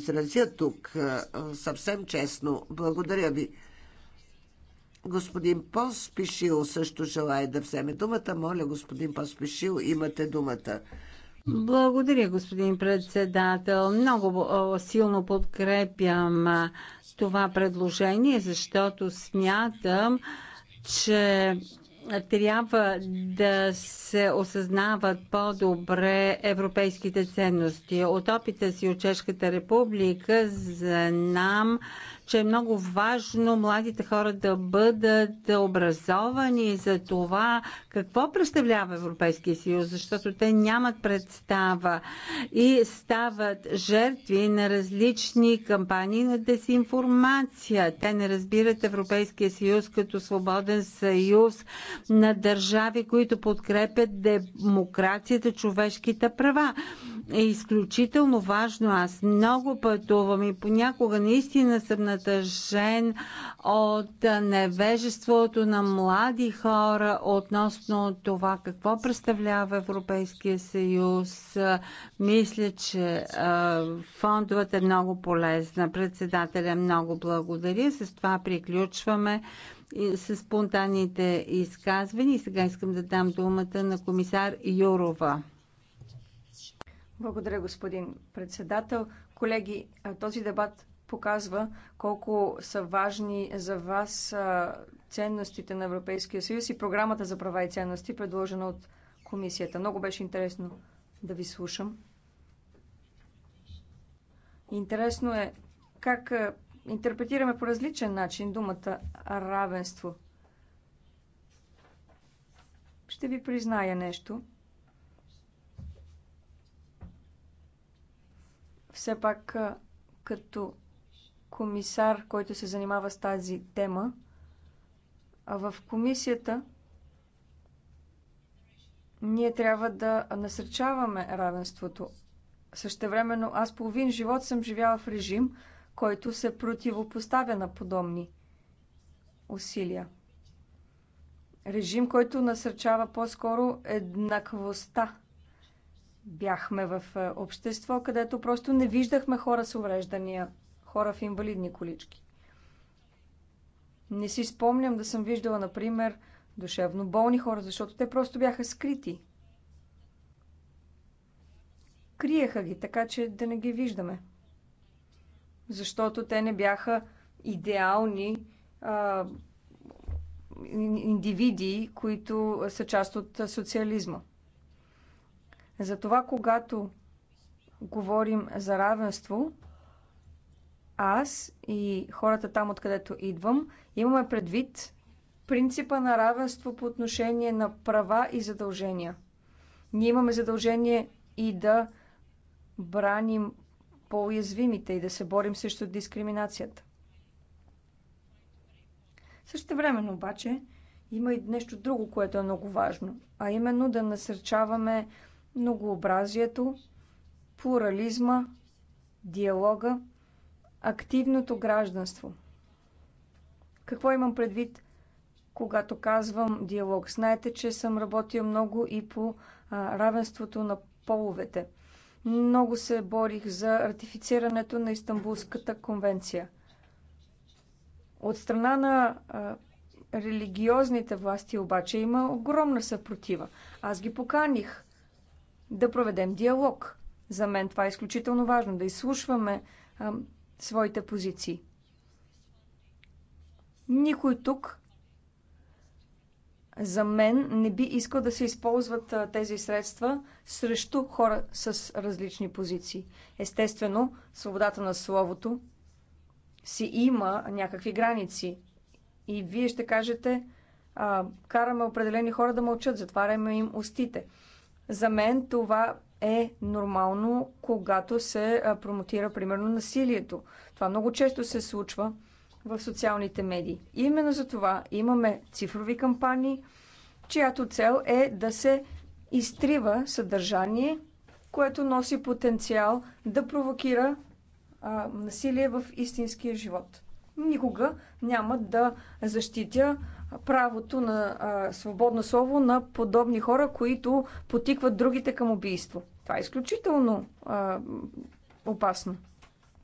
изразя тук съвсем честно. Благодаря ви. Господин Поспишил също желая да вземе думата. Моля, господин Поспишил, имате думата. Благодаря, господин председател. Много силно подкрепям това предложение, защото смятам, че трябва да се осъзнават по-добре европейските ценности. От опита си от Чешката република знам, че е много важно младите хора да бъдат образовани за това какво представлява Европейския съюз, защото те нямат представа и стават жертви на различни кампании на дезинформация. Те не разбират Европейския съюз като свободен съюз на държави, които подкрепят демокрацията, човешките права. Е изключително важно. Аз много пътувам и понякога наистина съм на задържен от невежеството на млади хора относно това какво представлява Европейския съюз. Мисля, че фондовете е много полезна. Председателя много благодаря. С това приключваме с спонтанните изказвания. И сега искам да дам думата на комисар Юрова. Благодаря, господин председател. Колеги, този дебат показва колко са важни за вас ценностите на Европейския съюз и програмата за права и ценности, предложена от комисията. Много беше интересно да ви слушам. Интересно е как интерпретираме по различен начин думата равенство. Ще ви призная нещо. Все пак като комисар, който се занимава с тази тема. А в комисията ние трябва да насърчаваме равенството. Същевременно аз половин живот съм живяла в режим, който се противопоставя на подобни усилия. Режим, който насърчава по-скоро еднаквостта. Бяхме в е, общество, където просто не виждахме хора с увреждания хора в инвалидни колички. Не си спомням да съм виждала, например, душевно болни хора, защото те просто бяха скрити. Криеха ги, така че да не ги виждаме. Защото те не бяха идеални а, индивиди, които са част от социализма. Затова, когато говорим за равенство, аз и хората там, откъдето идвам, имаме предвид принципа на равенство по отношение на права и задължения. Ние имаме задължение и да браним по-уязвимите и да се борим срещу дискриминацията. Също времено обаче има и нещо друго, което е много важно, а именно да насърчаваме многообразието, плурализма, диалога активното гражданство. Какво имам предвид, когато казвам диалог? Знаете, че съм работил много и по а, равенството на половете. Много се борих за ратифицирането на Истанбулската конвенция. От страна на а, религиозните власти обаче има огромна съпротива. Аз ги поканих да проведем диалог. За мен това е изключително важно да изслушваме своите позиции. Никой тук за мен не би искал да се използват тези средства срещу хора с различни позиции. Естествено, свободата на словото си има някакви граници. И вие ще кажете, а, караме определени хора да мълчат, затваряме им устите. За мен това е нормално, когато се промотира, примерно, насилието. Това много често се случва в социалните медии. именно за това имаме цифрови кампании, чиято цел е да се изтрива съдържание, което носи потенциал да провокира а, насилие в истинския живот. Никога няма да защитя правото на а, свободно слово на подобни хора, които потикват другите към убийство. Това е изключително а, опасно.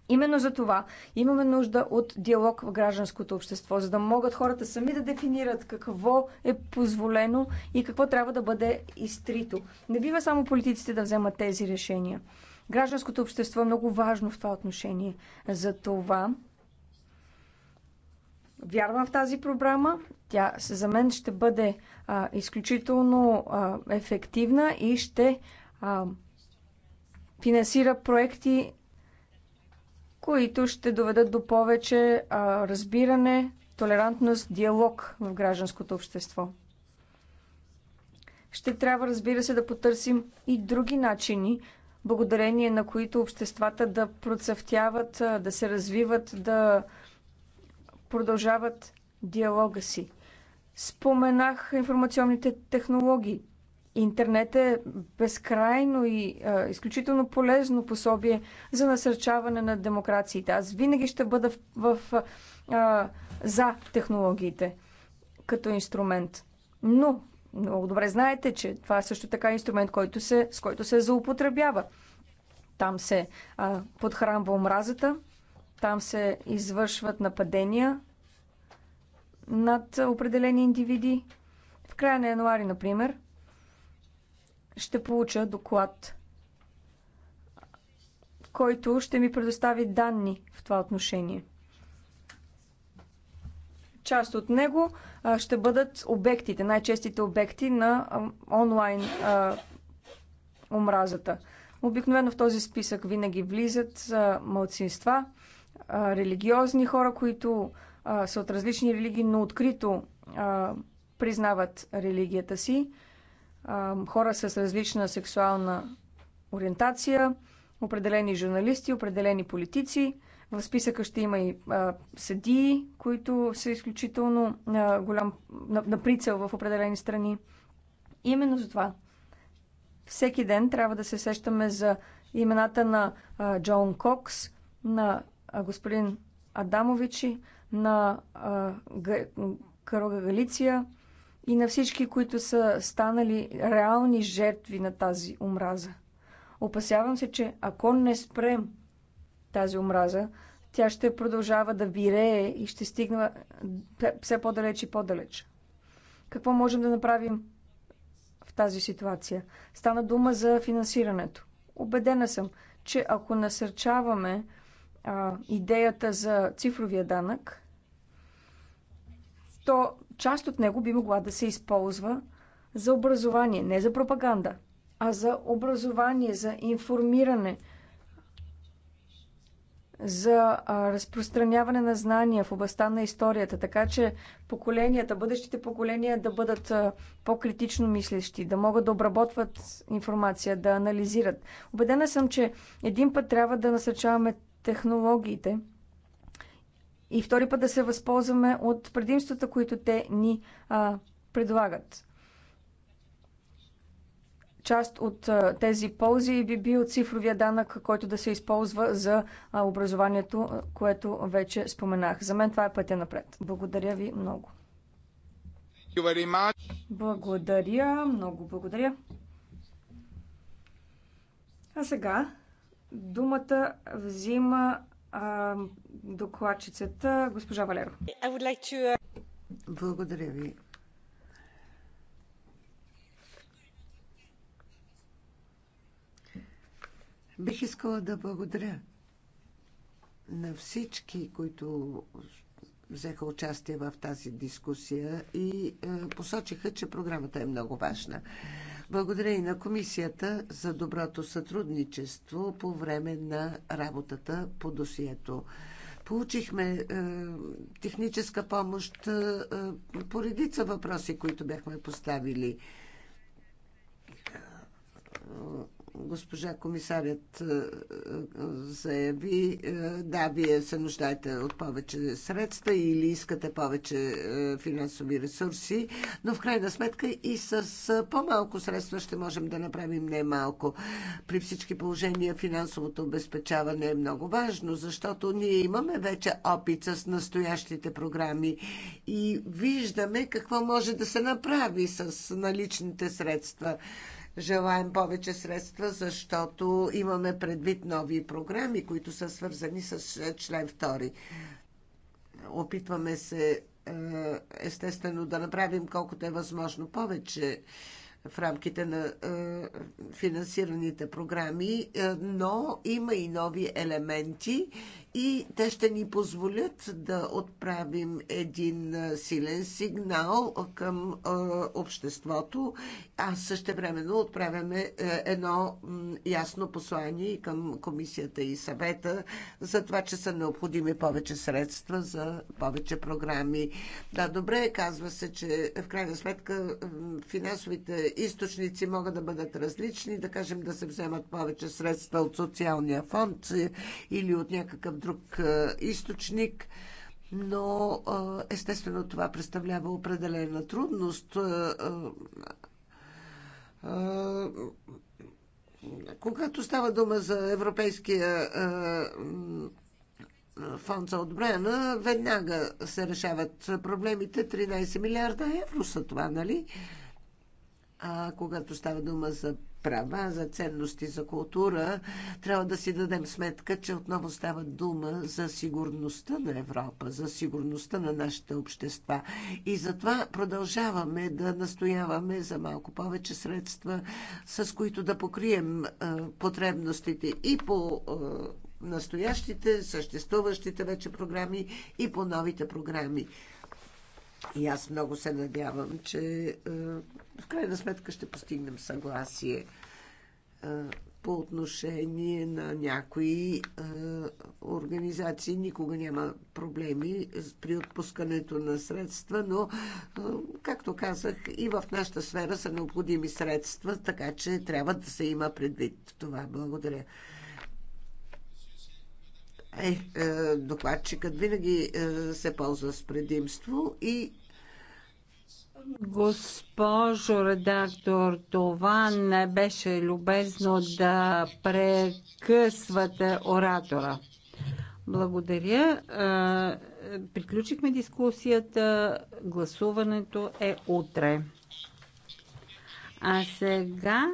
Именно за това имаме нужда от диалог в гражданското общество, за да могат хората сами да дефинират какво е позволено и какво трябва да бъде изтрито. Не бива само политиците да вземат тези решения. Гражданското общество е много важно в това отношение. За това вярвам в тази програма. Тя за мен ще бъде а, изключително а, ефективна и ще а, финансира проекти, които ще доведат до повече а, разбиране, толерантност, диалог в гражданското общество. Ще трябва, разбира се, да потърсим и други начини, благодарение на които обществата да процъфтяват, да се развиват, да продължават диалога си. Споменах информационните технологии. Интернет е безкрайно и а, изключително полезно пособие за насърчаване на демокрациите. Аз винаги ще бъда в, в, а, за технологиите като инструмент. Но много добре знаете, че това е също така инструмент, който се, с който се заупотребява. Там се а, подхранва омразата, там се извършват нападения над определени индивиди. В края на януари, например, ще получа доклад, който ще ми предостави данни в това отношение. Част от него ще бъдат обектите, най-честите обекти на онлайн омразата. Обикновено в този списък винаги влизат малцинства, а, религиозни хора, които а, са от различни религии, но открито а, признават религията си, а, хора с различна сексуална ориентация, определени журналисти, определени политици. В списъка ще има и а, съдии, които са изключително а, голям на, на прицел в определени страни. Именно за това всеки ден трябва да се сещаме за имената на а, Джон Кокс, на господин Адамовичи, на Кръга Галиция и на всички, които са станали реални жертви на тази омраза. Опасявам се, че ако не спрем тази омраза, тя ще продължава да вирее и ще стигне все по-далеч и по-далеч. Какво можем да направим в тази ситуация? Стана дума за финансирането. Обедена съм, че ако насърчаваме а, идеята за цифровия данък, то част от него би могла да се използва за образование, не за пропаганда, а за образование, за информиране, за а, разпространяване на знания в областта на историята, така че поколенията, бъдещите поколения да бъдат по-критично мислещи, да могат да обработват информация, да анализират. Обедена съм, че един път трябва да насърчаваме технологиите и втори път да се възползваме от предимствата, които те ни а, предлагат. Част от а, тези ползи би бил цифровия данък, който да се използва за а, образованието, което вече споменах. За мен това е пътя напред. Благодаря ви много. Благодаря, много благодаря. А сега Думата взима а, докладчицата госпожа Валеро. Like to... Uh, благодаря ви. Бих искала да благодаря на всички, които взеха участие в тази дискусия и е, посочиха, че програмата е много важна. Благодаря и на комисията за доброто сътрудничество по време на работата по досието. Получихме е, техническа помощ е, по редица въпроси, които бяхме поставили госпожа комисарят е, е, заяви, е, да, вие се нуждаете от повече средства или искате повече финансови ресурси, но в крайна сметка и с по-малко средства ще можем да направим не малко. При всички положения финансовото обезпечаване е много важно, защото ние имаме вече опит с настоящите програми и виждаме какво може да се направи с наличните средства желаем повече средства, защото имаме предвид нови програми, които са свързани с е, член 2. Опитваме се е, естествено да направим колкото е възможно повече в рамките на е, финансираните програми, но има и нови елементи и те ще ни позволят да отправим един силен сигнал към обществото, а също времено отправяме едно ясно послание към комисията и съвета за това, че са необходими повече средства за повече програми. Да, добре, казва се, че в крайна сметка финансовите източници могат да бъдат различни, да кажем да се вземат повече средства от социалния фонд или от някакъв друг друг е, източник, но е, естествено това представлява определена трудност е, когато става дума за Европейския фонд за отбрана, веднага се решават проблемите. 13 милиарда евро са това, нали? А когато става дума за права, за ценности, за култура, трябва да си дадем сметка, че отново става дума за сигурността на Европа, за сигурността на нашите общества. И затова продължаваме да настояваме за малко повече средства, с които да покрием потребностите и по настоящите, съществуващите вече програми и по новите програми. И аз много се надявам, че е, в крайна сметка ще постигнем съгласие е, по отношение на някои е, организации. Никога няма проблеми при отпускането на средства, но, както казах, и в нашата сфера са необходими средства, така че трябва да се има предвид това. Благодаря. Е, е, докладчикът винаги е, се ползва с предимство и Госпожо редактор, това не беше любезно да прекъсвате оратора. Благодаря. Е, приключихме дискусията. Гласуването е утре. А сега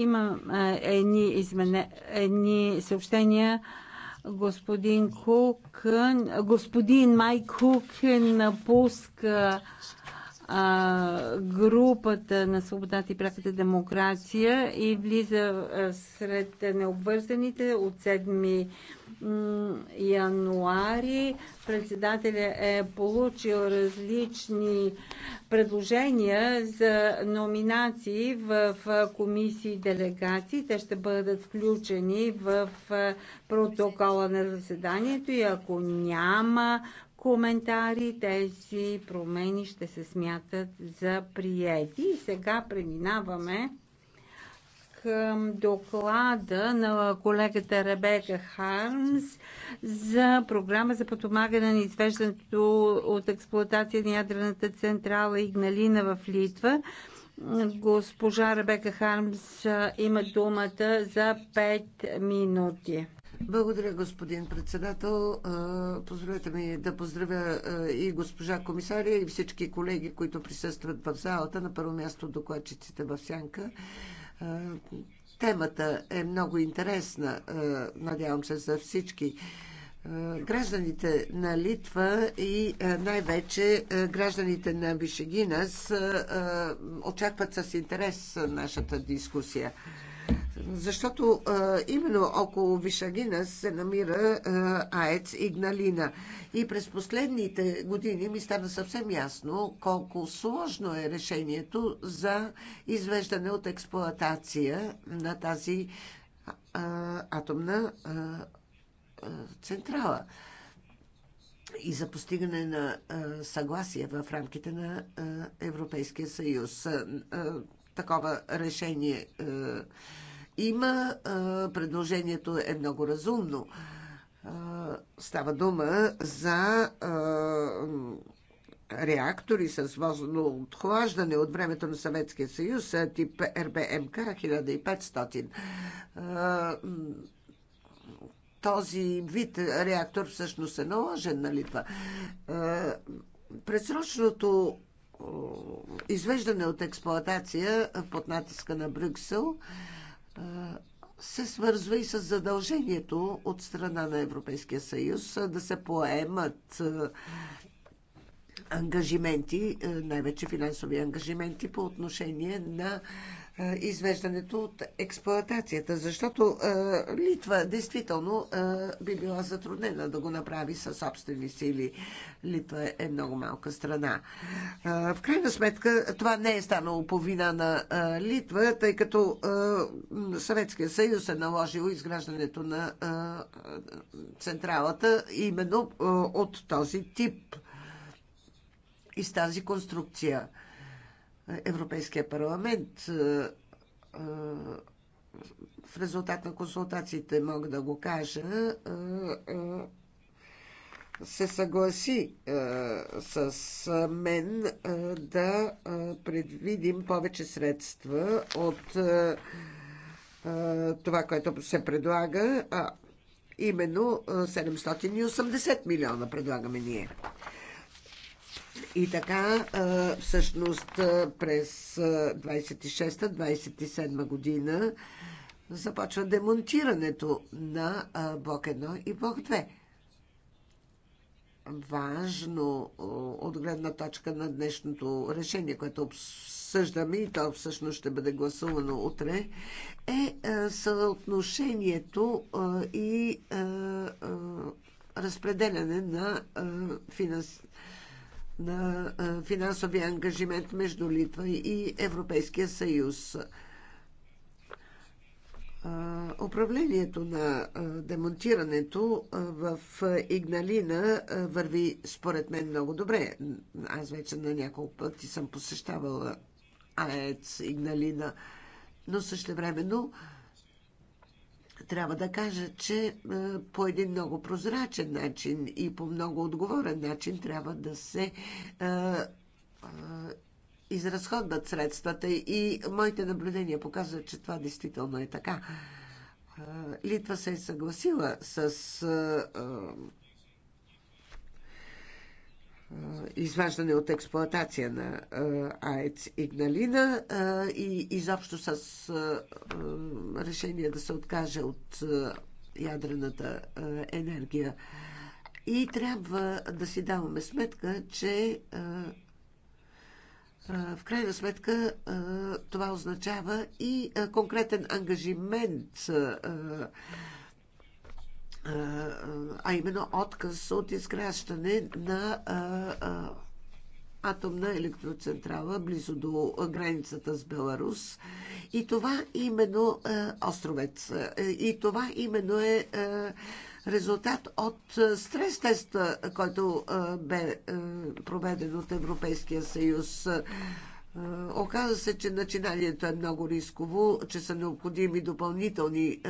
има едни, измене, едни съобщения. Господин Кук, господин Май Кук напуска а, групата на свободата и пряката демокрация и влиза сред необвързаните от 7 януари председателя е получил различни предложения за номинации в комисии и делегации. Те ще бъдат включени в протокола на заседанието и ако няма коментари, тези промени ще се смятат за приети. И сега преминаваме към доклада на колегата Ребека Хармс за програма за подпомагане на извеждането от експлуатация на ядрената централа Игналина в Литва. Госпожа Ребека Хармс има думата за 5 минути. Благодаря, господин председател. Позволете ми да поздравя и госпожа комисария, и всички колеги, които присъстват в залата. На първо място докладчиците в Сянка. Темата е много интересна, надявам се, за всички. Гражданите на Литва и най-вече гражданите на Вишегинас очакват с интерес нашата дискусия. Защото а, именно около Вишагина се намира а, АЕЦ Игналина. И през последните години ми стана съвсем ясно колко сложно е решението за извеждане от експлоатация на тази а, атомна а, а, централа и за постигане на съгласие в рамките на Европейския съюз такова решение е, има. Е, предложението е много разумно. Е, става дума за реактори с возно отхлаждане от времето на Съветския съюз, тип РБМК 1500. Този вид реактор всъщност е наложен на Литва. Пресрочното извеждане от експлоатация под натиска на Брюксел се свързва и с задължението от страна на Европейския съюз да се поемат ангажименти, е, най-вече финансови ангажименти по отношение на е, извеждането от експлоатацията, защото е, Литва действително би била затруднена да го направи със собствени сили. Литва е много малка страна. В крайна сметка това не е станало по вина на Литва, тъй като Съветския съюз е наложил изграждането на централата именно от този тип и с тази конструкция. Европейския парламент е, е, в резултат на консултациите, мога да го кажа, е, се съгласи с мен да предвидим повече средства от това, което се предлага, а именно 780 милиона предлагаме ние. И така, всъщност, през 26-27 година започва демонтирането на Бог 1 и Бог 2 важно от гледна точка на днешното решение, което обсъждаме и то всъщност ще бъде гласувано утре, е съотношението и разпределяне на финанс на финансовия ангажимент между Литва и Европейския съюз. Управлението на демонтирането в Игналина върви според мен много добре. Аз вече на няколко пъти съм посещавала АЕЦ Игналина, но същевременно времено трябва да кажа, че е, по един много прозрачен начин и по много отговорен начин трябва да се е, е, изразходват средствата и моите наблюдения показват, че това действително е така. Литва се е съгласила с е, изваждане от експлоатация на е, АЕЦ Игналина е, и изобщо с решение да се откаже от ядрената енергия. И трябва да си даваме сметка, че в крайна сметка това означава и конкретен ангажимент а именно отказ от изграждане на атомна електроцентрала близо до границата с Беларус. И това именно е, островец. И това именно е, резултат от стрес теста, който бе проведен от Европейския съюз. Оказва се, че начинанието е много рисково, че са необходими допълнителни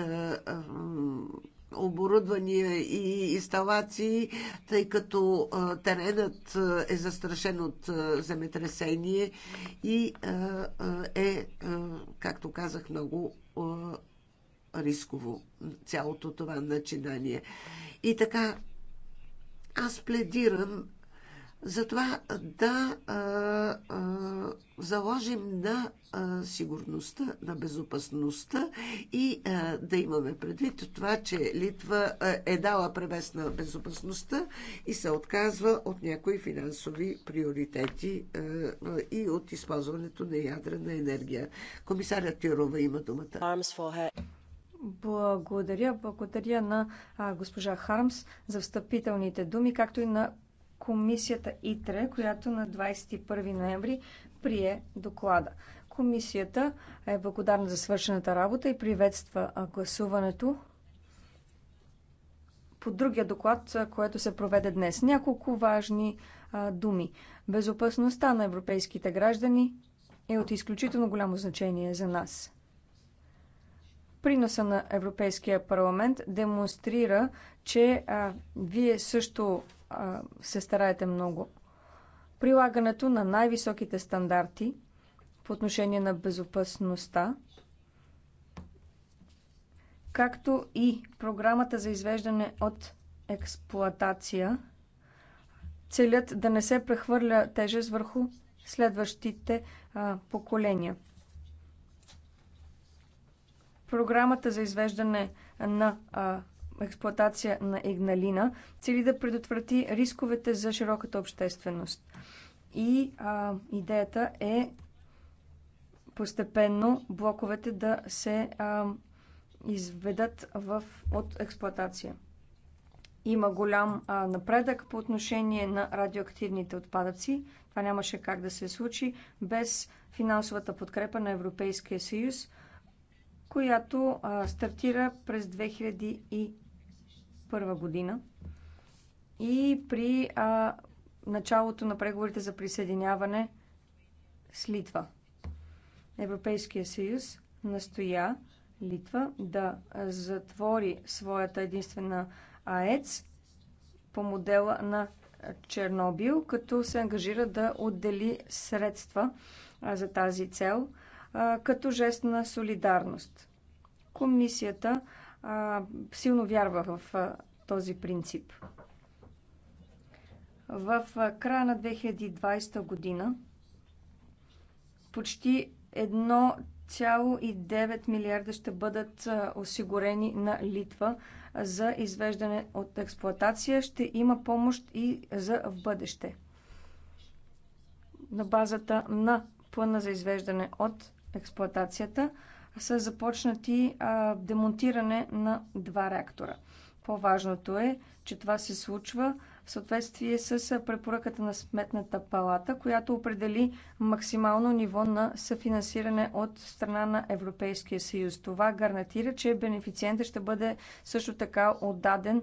оборудвания и инсталации, тъй като теренът е застрашен от земетресение и е, както казах, много рисково цялото това начинание. И така, аз пледирам затова да а, а, заложим на а, сигурността, на безопасността и а, да имаме предвид това, че Литва а, е дала превес на безопасността и се отказва от някои финансови приоритети а, и от използването на ядрена енергия. Комисарят Тирова има думата. Благодаря. Благодаря на а, госпожа Хармс за встъпителните думи, както и на комисията ИТРЕ, която на 21 ноември прие доклада. Комисията е благодарна за свършената работа и приветства гласуването по другия доклад, което се проведе днес. Няколко важни а, думи. Безопасността на европейските граждани е от изключително голямо значение за нас. Приноса на Европейския парламент демонстрира, че а, вие също се стараете много. Прилагането на най-високите стандарти по отношение на безопасността, както и програмата за извеждане от експлоатация, целят да не се прехвърля тежест върху следващите а, поколения. Програмата за извеждане на а, експлоатация на Игналина цели да предотврати рисковете за широката общественост. И а, идеята е постепенно блоковете да се а, изведат в, от експлоатация. Има голям а, напредък по отношение на радиоактивните отпадъци. Това нямаше как да се случи без финансовата подкрепа на Европейския съюз, която а, стартира през 2021 година и при а, началото на преговорите за присъединяване с Литва. Европейския съюз настоя Литва да затвори своята единствена АЕЦ по модела на Чернобил, като се ангажира да отдели средства за тази цел като жест на солидарност. Комисията силно вярва в този принцип. В края на 2020 година почти 1,9 милиарда ще бъдат осигурени на Литва за извеждане от експлоатация. Ще има помощ и за в бъдеще. На базата на плана за извеждане от експлоатацията са започнати а, демонтиране на два реактора. По-важното е, че това се случва в съответствие с препоръката на Сметната палата, която определи максимално ниво на съфинансиране от страна на Европейския съюз. Това гарантира, че бенефициентът ще бъде също така отдаден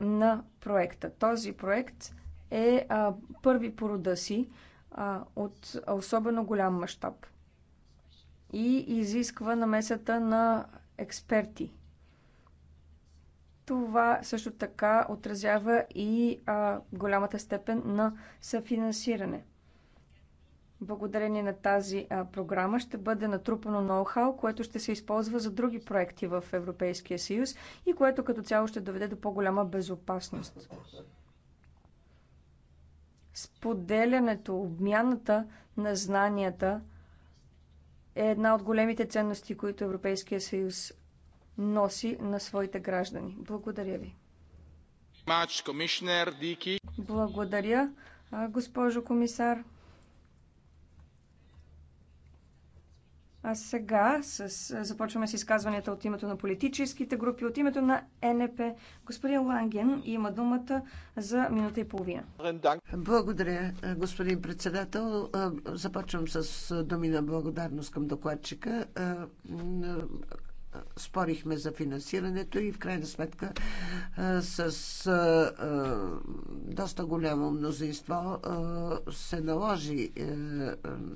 на проекта. Този проект е а, първи по рода си а, от особено голям мащаб и изисква намесата на експерти. Това също така отразява и а, голямата степен на съфинансиране. Благодарение на тази а, програма ще бъде натрупано ноу-хау, което ще се използва за други проекти в Европейския съюз и което като цяло ще доведе до по-голяма безопасност. Споделянето, обмяната на знанията – е една от големите ценности, които Европейския съюз носи на своите граждани. Благодаря ви. Благодаря, госпожо комисар. А сега с, започваме с изказванията от името на политическите групи, от името на НП. Господин Ланген има думата за минута и половина. Благодаря, господин председател. Започвам с думи на благодарност към докладчика спорихме за финансирането и в крайна сметка с доста голямо мнозинство се наложи е,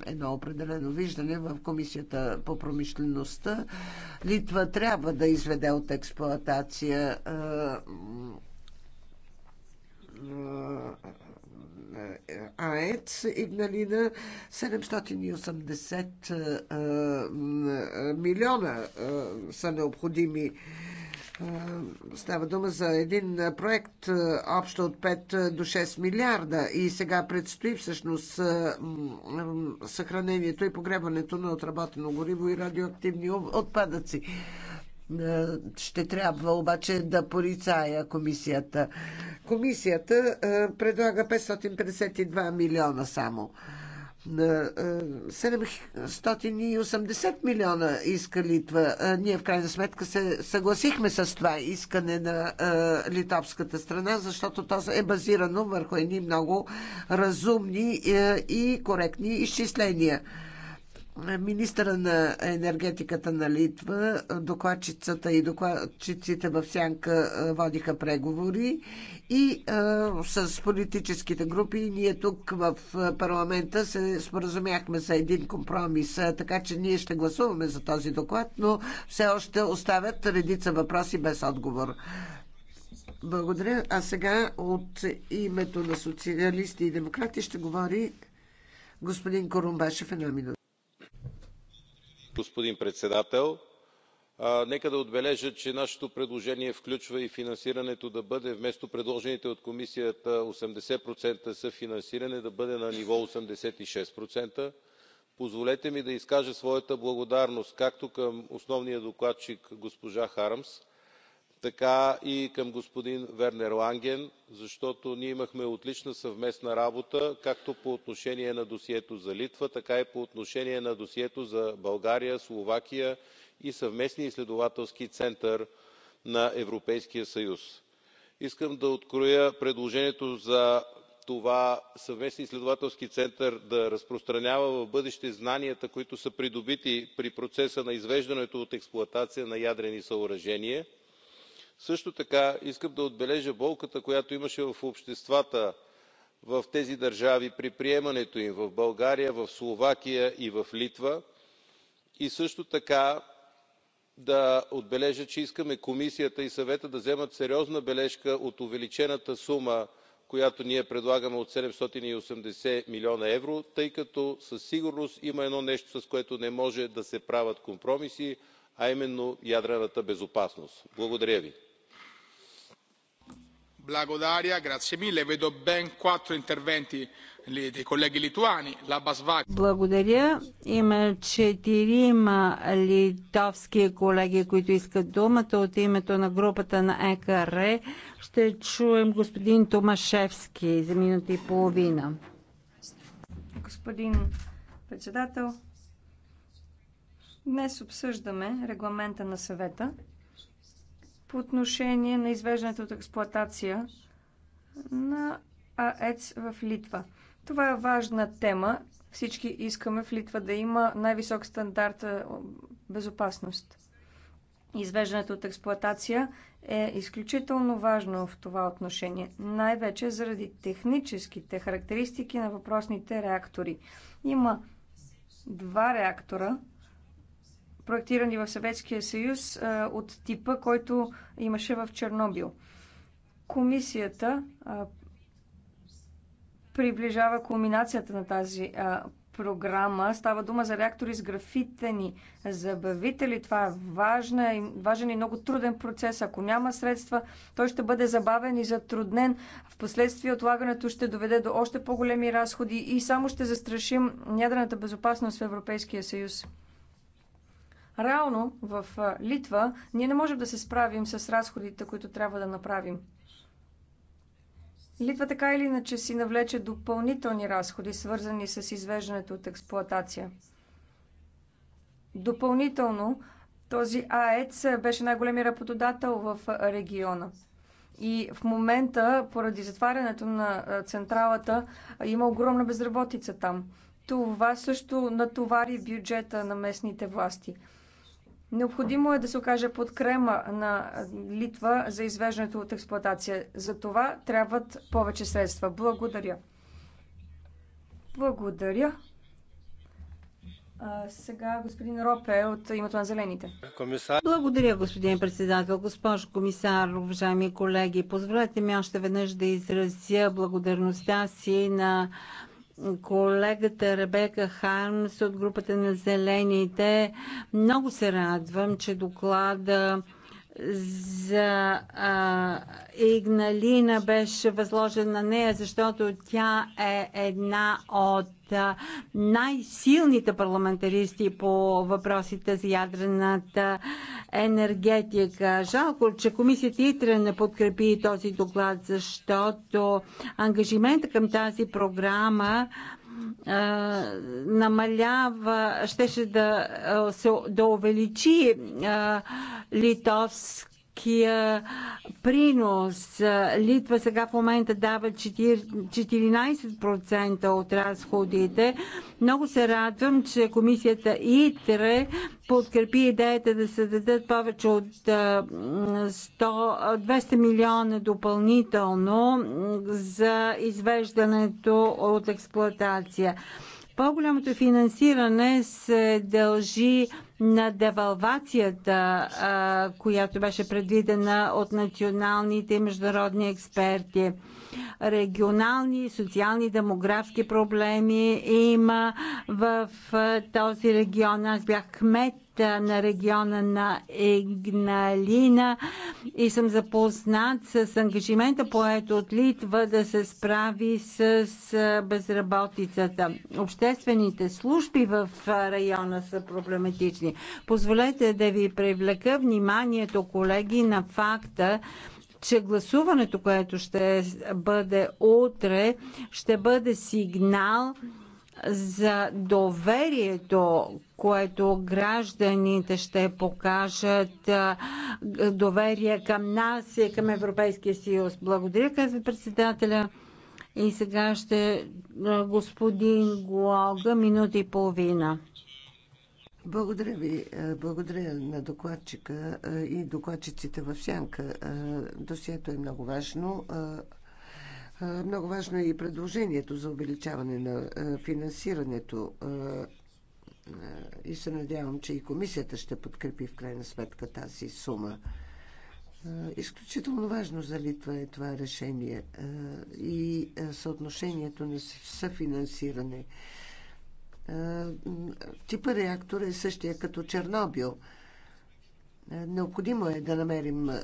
едно определено виждане в Комисията по промишлеността. Литва трябва да изведе от експлоатация АЕЦ Игналина 780 милиона са необходими. Става дума за един проект общо от 5 до 6 милиарда и сега предстои всъщност съхранението и погребането на отработено гориво и радиоактивни отпадъци. Е, ще трябва обаче да порицая комисията. Комисията е, предлага 552 милиона само. 780 е, милиона иска Литва. Ние в крайна сметка се съгласихме с това искане на литовската страна, защото то е базирано върху едни много разумни и коректни изчисления министъра на енергетиката на Литва, докладчицата и докладчиците в Сянка водиха преговори и а, с политическите групи ние тук в парламента се споразумяхме за един компромис, така че ние ще гласуваме за този доклад, но все още оставят редица въпроси без отговор. Благодаря. А сега от името на социалисти и демократи ще говори господин Корумбашев една минута господин председател. нека да отбележа че нашето предложение включва и финансирането да бъде вместо предложените от комисията осемдесет съфинансиране да бъде на ниво. осемдесет и шест позволете ми да изкажа своята благодарност както към основния докладчик госпожа хармс така и към господин вернер ланген защото ние имахме отлична съвместна работа както по отношение на досието за литва така и по отношение на досието за българя словакия и съвместния изследователски център на европейския съюз. искам да откроя предложението за това съвместният изследователски център да разпространява в бъдеще знанията които са придобити при процеса на извеждането от експлоатация на ядрени съоръжения също така искам да отбележа болката която имаше в обществата в тези държави при приемането им в българя в словакия и в литва и също така да отбележа че искаме комисията и съветът да вземат сериозна бележка от увеличената сума която ние предлагаме от седемстотин и осемдесет милиона евро тъй като със сигурност има едно нещо с което не може да се правят компромиси а именно ядрената безопасност. благодаря ви. Благодаря. Има четирима литовски колеги, които искат думата от името на групата на ЕКР. Ще чуем господин Томашевски за минута и половина. Господин председател, днес обсъждаме регламента на съвета – по отношение на извеждането от експлоатация на АЕЦ в Литва. Това е важна тема. Всички искаме в Литва да има най-висок стандарт е, безопасност. Извеждането от експлоатация е изключително важно в това отношение, най-вече заради техническите характеристики на въпросните реактори. Има два реактора, проектирани в Съветския съюз от типа, който имаше в Чернобил. Комисията приближава кулминацията на тази програма. Става дума за реактори с графитени забавители. Това е важна, важен и много труден процес. Ако няма средства, той ще бъде забавен и затруднен. Впоследствие отлагането ще доведе до още по-големи разходи и само ще застрашим ядрената безопасност в Европейския съюз. Реално в Литва ние не можем да се справим с разходите, които трябва да направим. Литва така или иначе си навлече допълнителни разходи, свързани с извеждането от експлоатация. Допълнително този АЕЦ беше най-големият работодател в региона. И в момента, поради затварянето на централата, има огромна безработица там. Това също натовари бюджета на местните власти. Необходимо е да се окаже подкрема на Литва за извеждането от експлоатация. За това трябват повече средства. Благодаря. Благодаря. А, сега господин Ропе от името на Зелените. Комисар... Благодаря, господин председател, госпожо комисар, уважаеми колеги. Позволете ми още веднъж да изразя благодарността си на колегата Ребека Хармс от групата на Зелените. Много се радвам, че доклада за а, Игналина беше възложена на нея, защото тя е една от най-силните парламентаристи по въпросите за ядрената енергетика. Жалко, че комисията ИТРА не подкрепи този доклад, защото ангажимента към тази програма намалява, щеше да, да увеличи литовски търговския принос. Литва сега в момента дава 14% от разходите. Много се радвам, че комисията ИТРЕ подкрепи идеята да се дадат повече от 100, 200 милиона допълнително за извеждането от експлоатация. По-голямото финансиране се дължи на девалвацията, която беше предвидена от националните и международни експерти. Регионални, социални, демографски проблеми има в този регион. Аз бях кмет на региона на Игналина и съм запознат с ангажимента поет от Литва да се справи с безработицата. Обществените служби в района са проблематични. Позволете да ви привлека вниманието, колеги, на факта, че гласуването, което ще бъде утре, ще бъде сигнал за доверието, което гражданите ще покажат доверие към нас и към Европейския съюз. Благодаря, казва председателя. И сега ще господин Глога, минута и половина. Благодаря ви. Благодаря на докладчика и докладчиците в Сянка. Досието е много важно. Много важно е и предложението за увеличаване на финансирането и се надявам, че и комисията ще подкрепи в крайна сметка тази сума. Изключително важно за Литва е това решение и съотношението на съфинансиране. Типа реактор е същия като Чернобил – е, необходимо е да намерим е,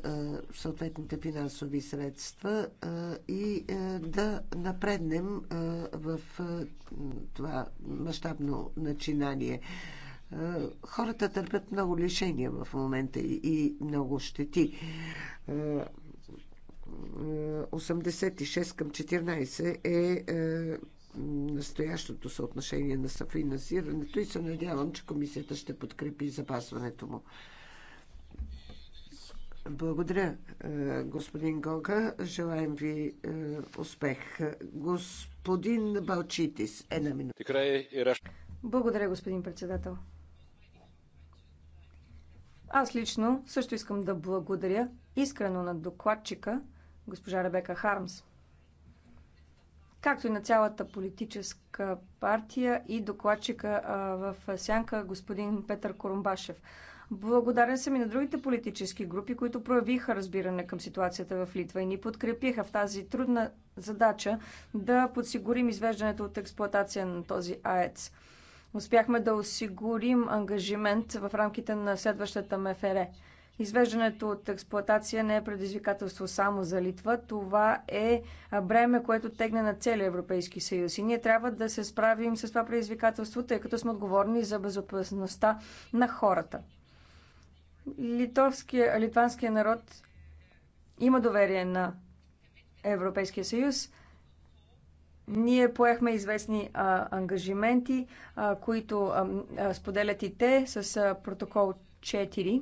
съответните финансови средства е, и да напреднем в това мащабно начинание. Хората търпят много лишения в момента и много щети. 86 към 14 е настоящото съотношение на съфинансирането и се надявам, че комисията ще подкрепи запасването му. Благодаря, е, господин Гога. Желаем ви е, успех. Господин Балчитис, една минута. Благодаря, господин председател. Аз лично също искам да благодаря искрено на докладчика, госпожа Ребека Хармс, както и на цялата политическа партия и докладчика в сянка, господин Петър Корумбашев. Благодарен съм и на другите политически групи, които проявиха разбиране към ситуацията в Литва и ни подкрепиха в тази трудна задача да подсигурим извеждането от експлоатация на този АЕЦ. Успяхме да осигурим ангажимент в рамките на следващата МФР. Извеждането от експлоатация не е предизвикателство само за Литва. Това е бреме, което тегне на целия Европейски съюз. И ние трябва да се справим с това предизвикателство, тъй като сме отговорни за безопасността на хората. Литовския, литванския народ има доверие на Европейския съюз. Ние поехме известни а, ангажименти, а, които а, а, споделят и те с а, протокол 4.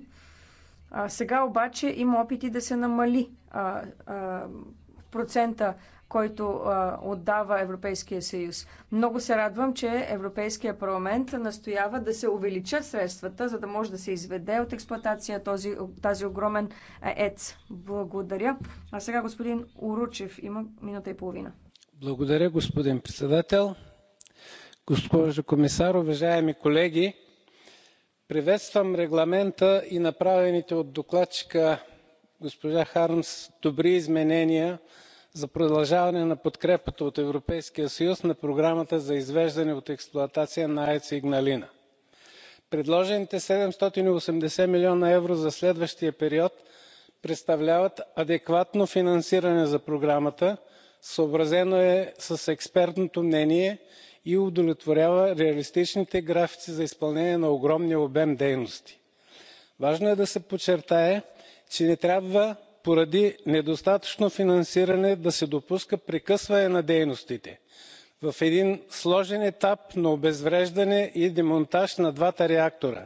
А, сега обаче има опити да се намали а, а, процента който а, отдава Европейския съюз. Много се радвам, че Европейския парламент настоява да се увеличат средствата, за да може да се изведе от експлоатация този, тази огромен ЕЦ. Благодаря. А сега господин Уручев има минута и половина. Благодаря, господин председател. Госпожо комисар, уважаеми колеги, приветствам регламента и направените от докладчика госпожа Хармс добри изменения – за продължаване на подкрепата от европейския съюз на програмата за извеждане от експлоатация на аец игналина. предложените седемстотин и осемдесет милиона евро за следващия период представляват адекватно финансиране за програмата съобразено е с експертното мнение и удовлетворява реалистичните графици за изпълнение на огромния обем дейности. важно е да се подчертае че не трябва поради недостатъчно финансиране да се допуска прекъсване на дейностите в един сложен етап на обезвреждане и демонтаж на двата реактора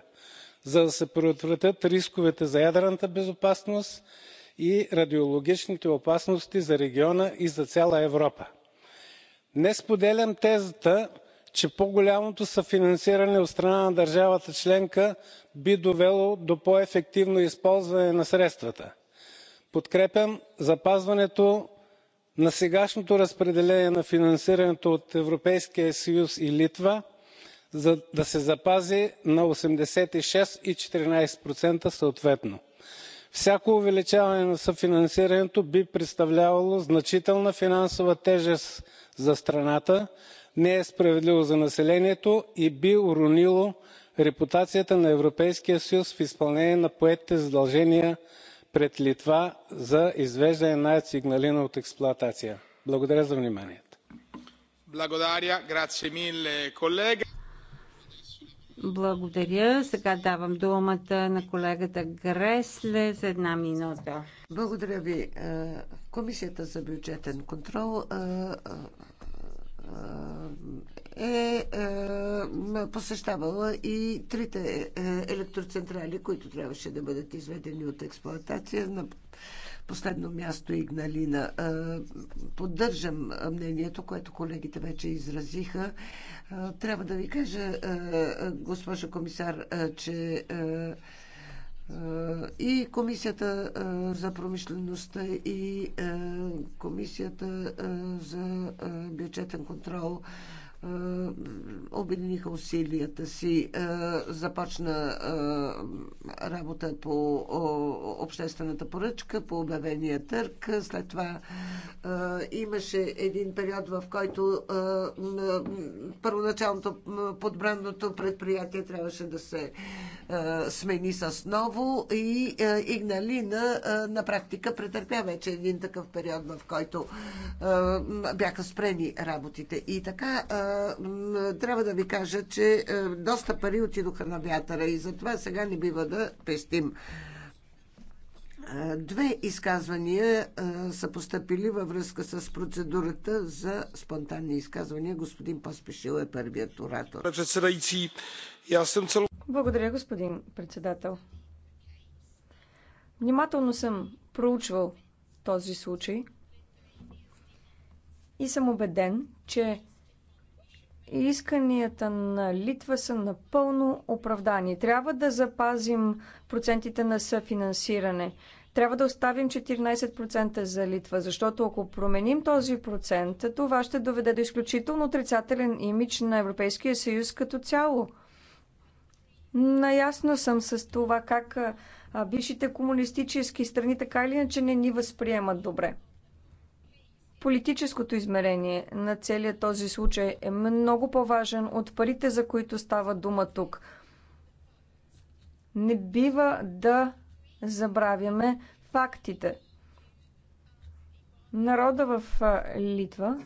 за да се предотвратят рисковете за ядрената безопасност и радиологичните опасности за региона и за цяла европа. не споделям тезата че по голямото съфинансиране от страна на държавата членка би довело до по ефективно използване на средствата подкрепям запазването на сегашното разпределение на финансирането от европейския съюз и литва за да се запази на осемдесет и шест и четиринадесет процента съответно. всяко увеличаване на съфинансирането би представлявало значителна финансова тежест за страната не е справедливо за населението и би уронило репутацията на европейския съюз в изпълнение на поетите задължения пред Литва за извеждане на АЕЦ „Игналина“ от експлоатация. Благодаря за вниманието. Благодаря. Сега давам думата на колегата Гресле за една минута. Благодаря ви. Е, Комисията за бюджетен контрол е, е, е, е посещавала и трите е, електроцентрали, които трябваше да бъдат изведени от експлоатация на последно място Игналина. Е, поддържам мнението, което колегите вече изразиха. Е, трябва да ви кажа, госпожо комисар, че и Комисията за промишлеността и Комисията за бюджетен контрол е, обединиха усилията си, е, започна е, работа по обществената поръчка, по обявения търк. След това имаше един период, в който първоначалното подбранното предприятие трябваше да се смени с ново и Игналина на практика претърпя вече един такъв период, в който бяха спрени работите. И така трябва да ви кажа, че е, доста пари отидоха на вятъра и затова сега не бива да пестим. Е, две изказвания е, са постъпили във връзка с процедурата за спонтанни изказвания. Господин Поспешил е първият оратор. Благодаря, господин председател. Внимателно съм проучвал този случай и съм убеден, че исканията на Литва са напълно оправдани. Трябва да запазим процентите на съфинансиране. Трябва да оставим 14% за Литва, защото ако променим този процент, това ще доведе до изключително отрицателен имидж на Европейския съюз като цяло. Наясно съм с това как бившите комунистически страни така или иначе не ни възприемат добре. Политическото измерение на целия този случай е много по-важен от парите, за които става дума тук. Не бива да забравяме фактите. Народа в Литва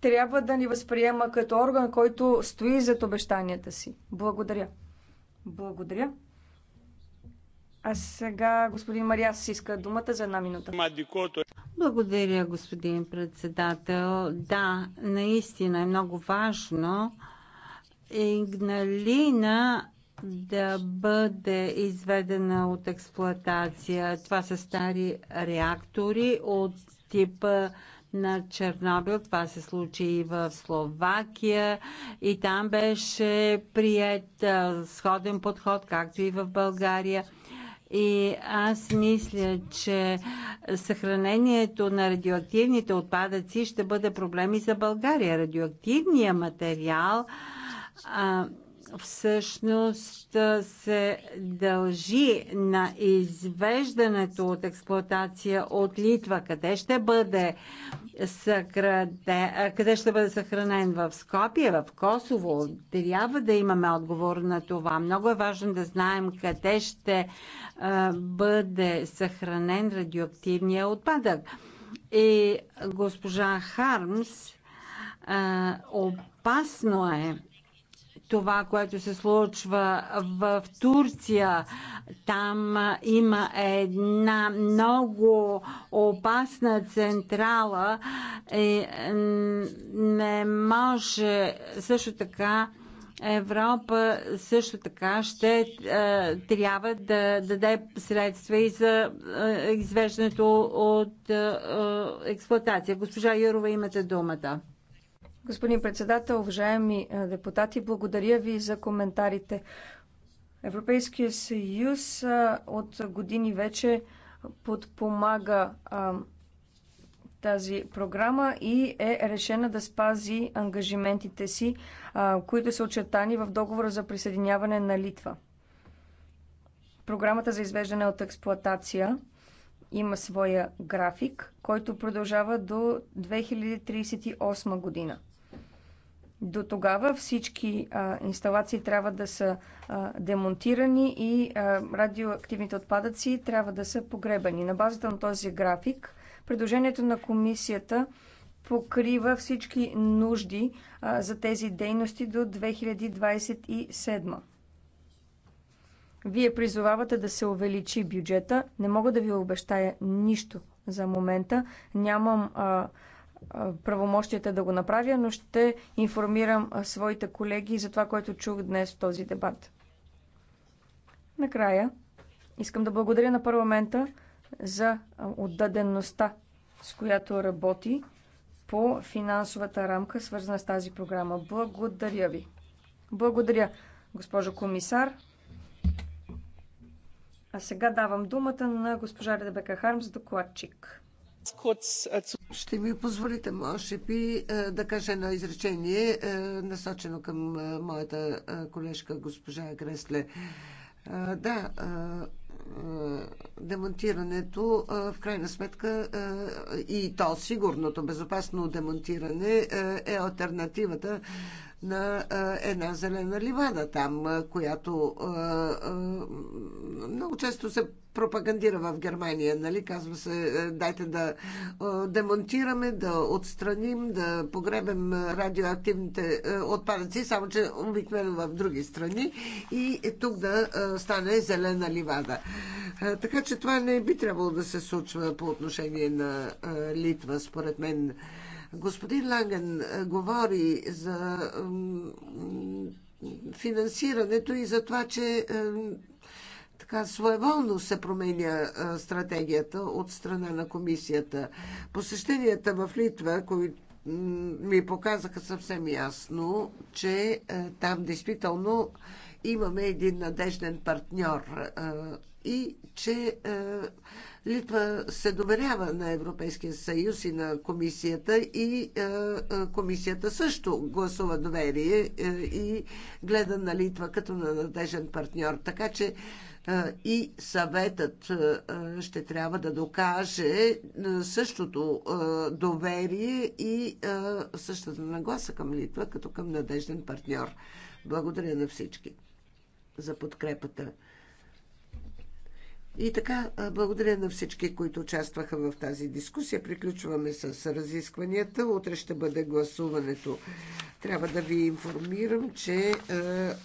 трябва да ни възприема като орган, който стои зад обещанията си. Благодаря. Благодаря. А сега господин Мариас иска думата за една минута. Благодаря, господин председател. Да, наистина е много важно Игналина да бъде изведена от експлоатация. Това са стари реактори от типа на Чернобил. Това се случи и в Словакия и там беше прият сходен подход, както и в България. И аз мисля, че съхранението на радиоактивните отпадъци ще бъде проблем и за България. Радиоактивният материал а, всъщност се дължи на извеждането от експлоатация от Литва. Къде ще бъде съкрате, къде ще бъде съхранен в Скопие, в Косово. Трябва да имаме отговор на това. Много е важно да знаем къде ще бъде съхранен радиоактивния отпадък. И госпожа Хармс, опасно е това, което се случва в Турция. Там има една много опасна централа. И е, не може също така Европа също така ще е, трябва да даде средства и за е, извеждането от е, е експлуатация. Госпожа Юрова, имате думата. Господин председател, уважаеми е, депутати, благодаря ви за коментарите. Европейския съюз е, от години вече подпомага а, е, тази програма и е решена да спази ангажиментите си, а, които са очертани в договора за присъединяване на Литва. Програмата за извеждане от експлоатация има своя график, който продължава до 2038 година. До тогава всички а, инсталации трябва да са а, демонтирани и а, радиоактивните отпадъци трябва да са погребани. На базата на този график, предложението на комисията покрива всички нужди а, за тези дейности до 2027. Вие призовавате да се увеличи бюджета. Не мога да ви обещая нищо за момента. Нямам. А, правомощията да го направя, но ще информирам своите колеги за това, което чух днес в този дебат. Накрая, искам да благодаря на парламента за отдадеността, с която работи по финансовата рамка, свързана с тази програма. Благодаря ви. Благодаря, госпожо комисар. А сега давам думата на госпожа Ребека Хармс, докладчик. Äh, Ще ми позволите, може би, е, да кажа едно изречение, е, насочено към е, моята колежка госпожа Гресле. Да, демонтирането в крайна сметка и то сигурното безопасно демонтиране е альтернативата на една зелена ливада там, която много често се пропагандира в Германия, нали? Казва се, е, дайте да е, демонтираме, да отстраним, да погребем радиоактивните е, отпадъци, само че обикновено в други страни и тук да стане зелена ливада. Така че това не би трябвало да се случва по отношение на Литва, според мен. Господин Ланген говори за финансирането и за това, че така своеволно се променя а, стратегията от страна на комисията. Посещенията в Литва, които ми показаха съвсем ясно, че а, там действително имаме един надежден партньор а, и че а, Литва се доверява на Европейския съюз и на комисията и а, комисията също гласува доверие а, и гледа на Литва като на надежден партньор. Така че и съветът ще трябва да докаже същото доверие и същата нагласа към Литва, като към надежден партньор. Благодаря на всички за подкрепата. И така, благодаря на всички, които участваха в тази дискусия. Приключваме с разискванията. Утре ще бъде гласуването. Трябва да ви информирам, че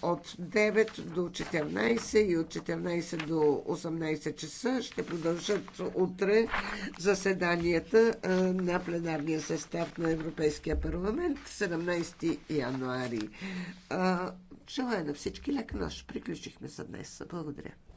от 9 до 14 и от 14 до 18 часа ще продължат утре заседанията на пленарния състав на Европейския парламент 17 януари. Желая на всички лека нощ. Приключихме за днес. Благодаря.